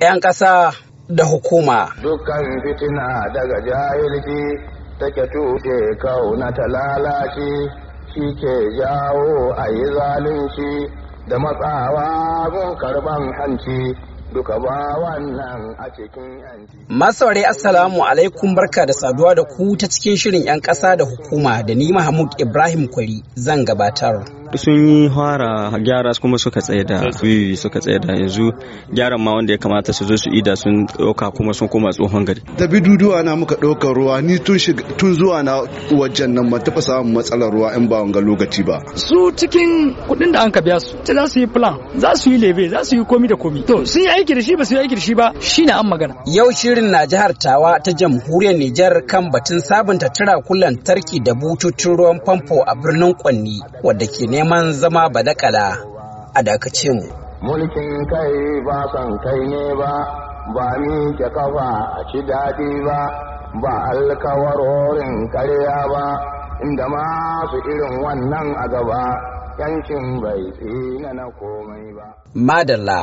'yan ƙasa da hukuma. Dukkan fitina daga jahilci take tuke kauna ta lalace shi ke jawo a yi zalunci da matsawa gun karban hanci. Duka ba wannan a cikin yanci. Masaure Assalamu alaikum barka da saduwa da ku ta cikin shirin 'yan ƙasa da hukuma da ni Mahmud Ibrahim Kwari zan gabatar. sun yi fara gyara kuma suka tsaye da suka tsaye da yanzu gyaran ma wanda ya kamata su zo su ida sun ɗauka kuma sun koma tsohon gari da bidudduwa na muka ɗaukar ruwa ni tun zuwa na wajen nan ba tafasa samun matsalar ruwa in ba wanga lokaci ba su cikin kuɗin da an ka biya su za su yi plan za su yi lebe za su yi komi da komi to sun yi aiki da shi ba su yi aiki da shi ba shine an magana yau shirin na jihar tawa ta jamhuriyar Nijar kan batun sabunta tura kulan tarki da bututun ruwan famfo a birnin Kwanni wadda ke neman zama badakala a dakacin mulkin kai ba san kai ne ba ba ni ke kafa a ci daɗi ba ba alkawarorin karya ba inda masu irin wannan a gaba yankin bai tsina na komai ba madalla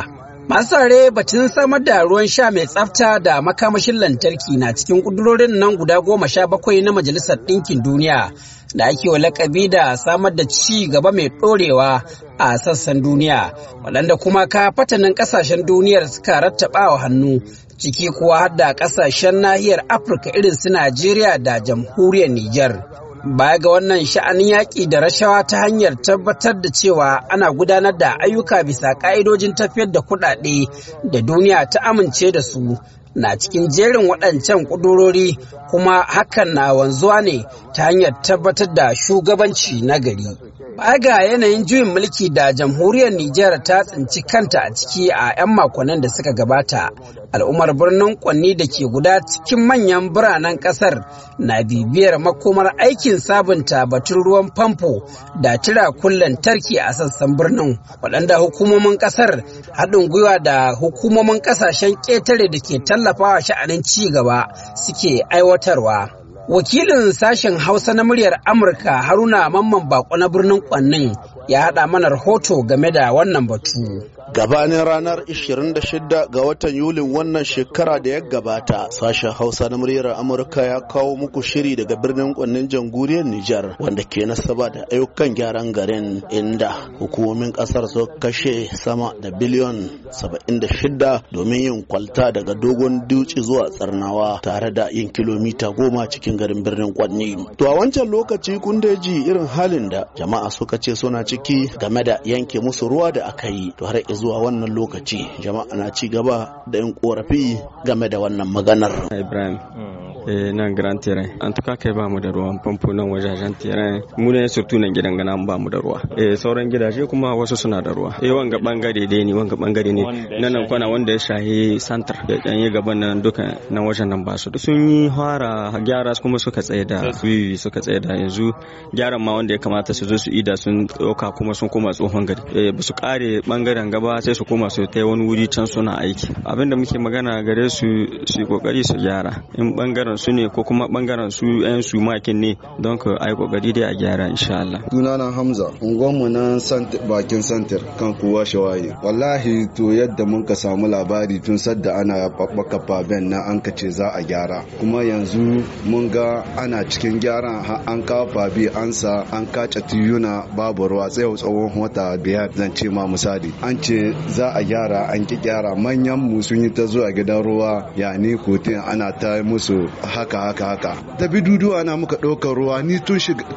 Masu batun samar da ruwan sha mai tsafta da makamashin lantarki na cikin ƙudurorin nan guda goma sha bakwai na Majalisar Ɗinkin Duniya da ake wa lakabi da samar da ci gaba mai ɗorewa a sassan duniya, waɗanda kuma ka fatanin ƙasashen duniyar suka rattaba wa hannu ciki kuwa har da ƙasashen nahiyar Afirka irin su Najeriya da jamhuriyar Nijar. Baya ga wannan sha'anin yaƙi da rashawa ta hanyar tabbatar da cewa ana gudanar da ayyuka bisa ƙa'idojin tafiyar da kuɗaɗe da duniya ta amince da su na cikin jerin waɗancan ƙudurori kuma hakan na wanzuwa ne ta hanyar tabbatar da shugabanci na gari. Baya ga yanayin juyin mulki da jamhuriyar Nijar ta tsinci kanta a ciki a 'yan makonnin da suka gabata, al'ummar birnin kwanni da ke guda cikin manyan biranen ƙasar na bibiyar makomar aikin sabunta batun ruwan famfo da tira kullen tarki a sassan birnin waɗanda hukumomin ƙasar haɗin gwiwa da hukumomin ƙasashen ƙetare da ke tallafa tallafawa sha'anin ci gaba suke aiwatarwa. Wakilin sashen Hausa na muryar Amurka Haruna Mamman Bako na birnin Kwannin ya haɗa mana rahoto game da wannan batu. gabanin ranar 26 ga watan yulin wannan shekara da ya gabata sashen hausa na muryar amurka ya kawo muku shiri daga birnin kwannin jamhuriyar nijar wanda ke nasaba da ayyukan gyaran garin inda hukumomin kasar su kashe sama da biliyon 76 domin yin kwalta daga dogon duci zuwa tsarnawa tare da yin kilomita goma cikin garin birnin kwanni to a wancan lokaci kundeji irin halin da jama'a suka ce suna ciki game da yanke musu ruwa da aka yi to har zuwa wannan lokaci jama'a na ci gaba da yin korafi game da wannan maganar. Ibrahim. Hmm. Eh, nan grand terrain an cas kai ba mu da ruwan famfo nan wajajen terrain mu ne surtu nan gidan gana ba mu da ruwa eh sauran gidaje kuma wasu suna da ruwa eh wanga bangare dai ne wanga bangare ne nan kwana wanda ya shahi santar da dan yi gaban nan duka nan wajen nan ba su sun yi fara gyara kuma suka tsaye da wiwi suka tsaye da yanzu gyaran ma wanda ya kamata su zo su ida sun ɗauka kuma sun koma tsohon gari eh ba su kare bangaren gaba sai su koma su ta wani wuri can suna aiki abinda muke magana gare su su kokari su gyara in bangaren bangaren su ne ko kuma bangaren su yan su makin ne don ka ai kokari dai a gyara insha Allah sunana Hamza mu nan bakin center kan kuwa shawaye wallahi to yadda mun ka samu labari tun sadda ana babbaka faben na an kace za a gyara kuma yanzu mun ga ana cikin har an kawo fabi an sa an kace tiyuna babu ruwa tsaye tsawon wata biyar zan ce ma misali an ce za a gyara an ki gyara manyan mu sun yi ta zuwa gidan ruwa yani kotin ana ta musu haka haka haka da biduduwa na muka ɗaukar ruwa ni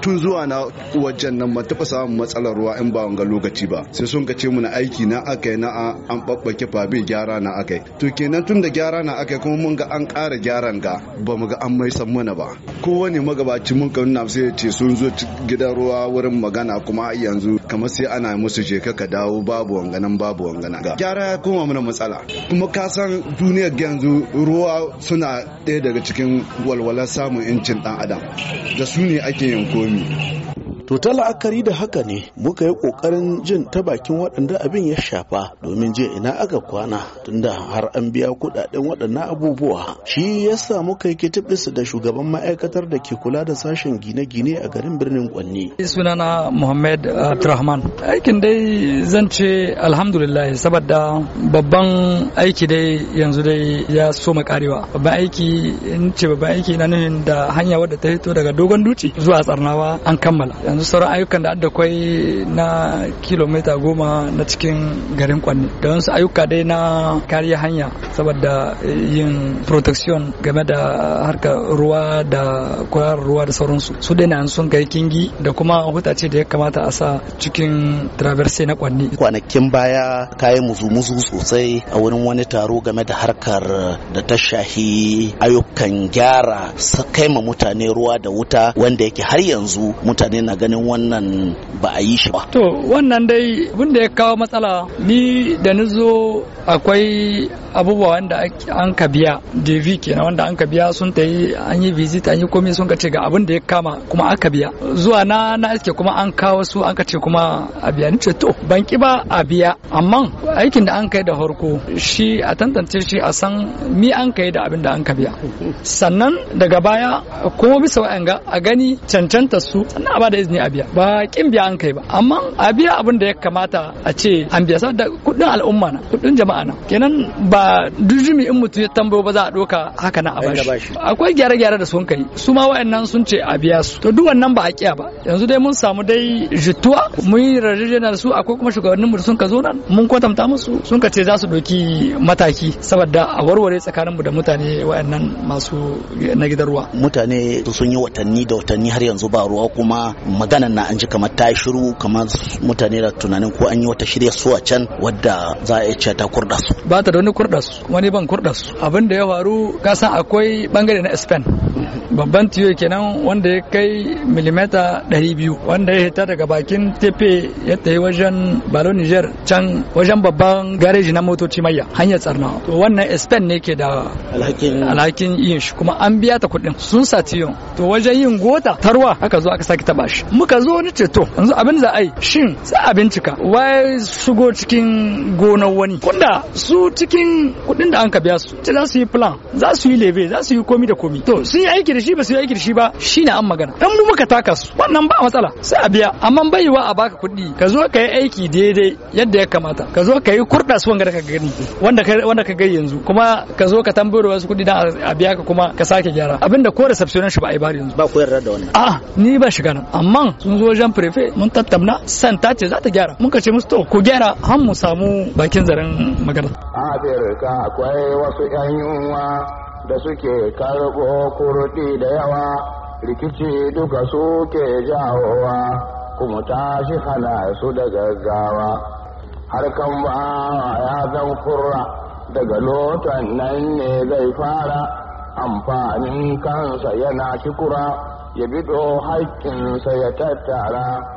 tun zuwa na wajen nan ban tafa samun matsalar ruwa in ba wanga lokaci ba sai sun ce mu na aiki na aka yi na an ɓaɓɓake fabe gyara na aka to kenan tun da gyara na aka kuma mun ga an ƙara gyaran ga ba mu ga an mai san mana ba kowane magabaci mun ka nuna sai ce sun zo gidan ruwa wurin magana kuma yanzu kamar sai ana musu je ka dawo babu wanganan babu wangana gyara ya koma mana matsala kuma ka san duniyar yanzu ruwa suna ɗaya daga cikin walwalar samun incin dan adam da su ne ake yin komi To ta la'akari da haka ne muka yi ƙoƙarin jin ta bakin waɗanda abin ya shafa domin je ina aka kwana tunda har an biya kuɗaɗen waɗannan abubuwa. Shi yasa muka yi su da shugaban ma'aikatar da ke kula da sashen gine-gine a garin birnin Kwanni. Sunana Muhammad Abdulrahman. Aikin dai zan ce alhamdulillah saboda babban aiki dai yanzu dai ya soma karewa. Babban aiki in ce babban aiki na nufin da hanya wadda ta fito daga dogon duci zuwa tsarnawa an kammala. yanzu sauran ayyukan da adda kwai na kilomita goma na cikin garin kwanne da wasu ayyuka dai na kariya hanya saboda eh, yin protection game da harkar ruwa da kwararar ruwa da sauransu su dai na sun kai kingi da kuma hutace da ya kamata a sa cikin traverse na kwanne kwanakin baya kayan muzu-muzu sosai a wurin wani taro game da harkar da ta shahi ayyukan gyara kai ma mutane ruwa da wuta wanda yake har yanzu mutane na ganin wannan ba a yi shi ba to wannan dai abin da ya kawo matsala ni da ni zo akwai abubuwa wanda an ka biya dv kenan wanda an ka biya sun ta yi an yi visit an yi komai sun ka ce ga abin da ya kama kuma an ka biya zuwa na na iske kuma an kawo su an ka ce kuma a biya ni ce to ban ki ba a biya amma aikin da an kai da harko shi a tantance shi a san mi an kai da abin da an ka biya sannan daga baya kuma bisa wayanga a gani cancanta su sannan a ba izini a biya ba kin biya an kai ba amma a biya abin da ya kamata a ce an biya saboda kudin al'umma na kudin jama'a ma'ana kenan ba dujumi in mutum ya tambayo ba za a doka haka na a bashi akwai gyare-gyare da sun kai su ma wayannan sun ce a biya su to duk wannan ba a kiya ba yanzu dai mun samu dai jituwa mun yi rarrajenar su akwai kuma shugabannin mu sun ka zo nan mun kwatanta musu sun ka ce za su doki mataki saboda a warware tsakanin mu da mutane wayannan masu na gidan ruwa mutane sun yi watanni da watanni har yanzu ba ruwa kuma maganan na an ji kamar ta shiru kamar mutane da tunanin ko an yi wata shirya su a can wadda za a iya ta Kurdas ba ta da wani kurɗa wani ban kurdas su abin da ya faru kasan akwai bangare na spain babban tiyo kenan wanda ya kai milimeta 200 wanda ya hita daga bakin tefe ya ta yi wajen balo niger can wajen babban gareji na motoci maya hanyar tsarna to wannan spain ne ke da alhakin yin shi kuma an biya ta kuɗin sun sa tiyo to wajen yin gota tarwa aka zo aka sake taba shi muka zo ni ce to yanzu abin za a yi shin sai a bincika wai shigo cikin gonar wani kunda su cikin kuɗin da an ka biya su ce za su yi plan za su yi lebe za su yi komi da komi to sun yi aiki da shi ba su yi aiki da shi ba shi ne an magana dan mu muka taka su wannan ba matsala sai a biya amma baiwa a baka kuɗi ka zo ka yi aiki daidai yadda ya kamata ka zo ka yi kurɗa su wanga da ka gani wanda ka wanda ka gani yanzu kuma ka zo ka tambayar wasu kuɗi dan a biya ka kuma ka sake gyara abinda ko reception shi ba a yi ba yanzu ba ku yarda da wannan a'a ni ba shiga nan amma sun zo wajen prefe mun tattauna san ta ce za ta gyara mun ka ce musu to ku gyara har mu samu bakin zaren magana a akwai wasu 'yan yunwa da suke karɓo kurɗi da yawa rikici duka suke jawowa kuma tashi hana su da gaggawa harkan ba ya zan kurra daga lotan nan ne zai fara amfanin kansa yana kikura ya bido haƙƙinsa ya tattara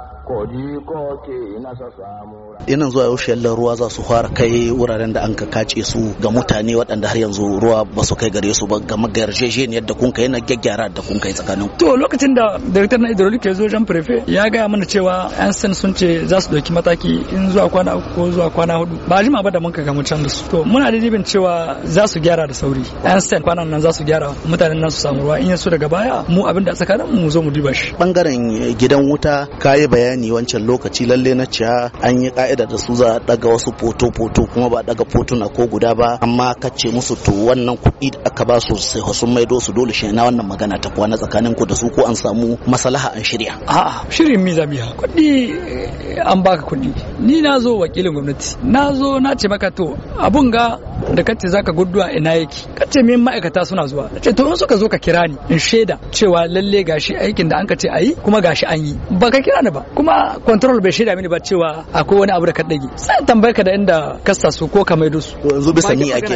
Inan zuwa yaushe yallar ruwa za su fara kai wuraren da an ka kace su ga mutane waɗanda har yanzu ruwa ba su kai gare su ba ga magarjejeniyar da kun kai na gyaggyara da kun kai tsakanin. To lokacin da daraktan na hydraulic ya zo Jean Prefe ya gaya mana cewa yan san sun ce za su ɗauki mataki in zuwa kwana uku ko zuwa kwana hudu ba jima ba da mun ka gamu can da su. To muna da jibin cewa za su gyara da sauri yan san kwanan nan za su gyara mutanen nan su samu ruwa in yaso daga baya mu abin da tsakanin mu zo mu duba shi. Bangaren gidan wuta kayi bayani sani wancan lokaci lalle na ciya an yi ka'ida da su za a daga wasu foto-foto kuma ba daga fotuna ko guda ba amma kace musu to wannan kuɗi da aka ba su sai wasu maido su dole shi na wannan magana ta kuwa na tsakanin ku da su ko an samu maslaha an shirya. A'a shirin mi zamiya kuɗi eh, an baka kuɗi ni na zo wakilin gwamnati na zo na ce maka to abun ga da kace zaka gudduwa ina yake kace min ma'aikata suna zuwa ce to in suka zo ka kira ni in shaida cewa lalle gashi aikin da an kace ayi kuma gashi an yi ba ka kira ni ba kuma control bai shaida mini ba cewa akwai wani abu da ka dage sai tambayar ka da inda kasta su ko ka maido su to yanzu bisa ni ake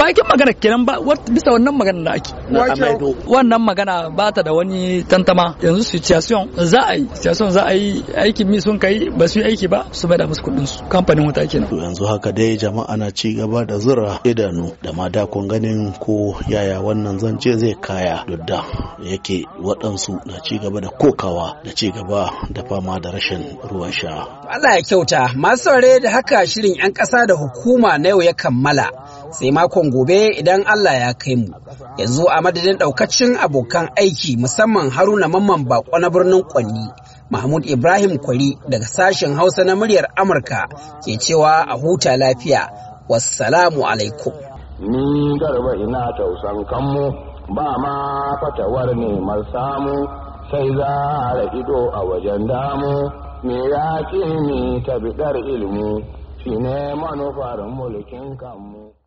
bakin magana kenan ba bisa wannan magana da ake wannan magana ba ta da wani tantama yanzu situation za a yi situation za a yi aikin mi sun kai ba su yi aiki ba su bada musu kudin su kamfanin wuta kenan yanzu haka dai jama'a na ci gaba da zura zura idanu da mata kun ganin ko yaya wannan zance zai kaya duk yake waɗansu na ci da kokawa da cigaba da fama da rashin ruwan sha. Allah ya kyauta masu saurare da haka shirin 'yan ƙasa da hukuma na yau ya kammala sai makon gobe idan Allah ya kai mu. Yanzu a madadin ɗaukacin abokan aiki musamman Haruna Mamman Bako na birnin Kwanni. Mahmud Ibrahim Kwari daga sashen Hausa na muryar Amurka ke cewa a huta lafiya. wassalamu alaikum ni garba ina tausan kanmu ba ma fatawar neman samu sai za a ido a wajen damu me ya ce ni tabidar ilimi shi ne manufar mulkin kanmu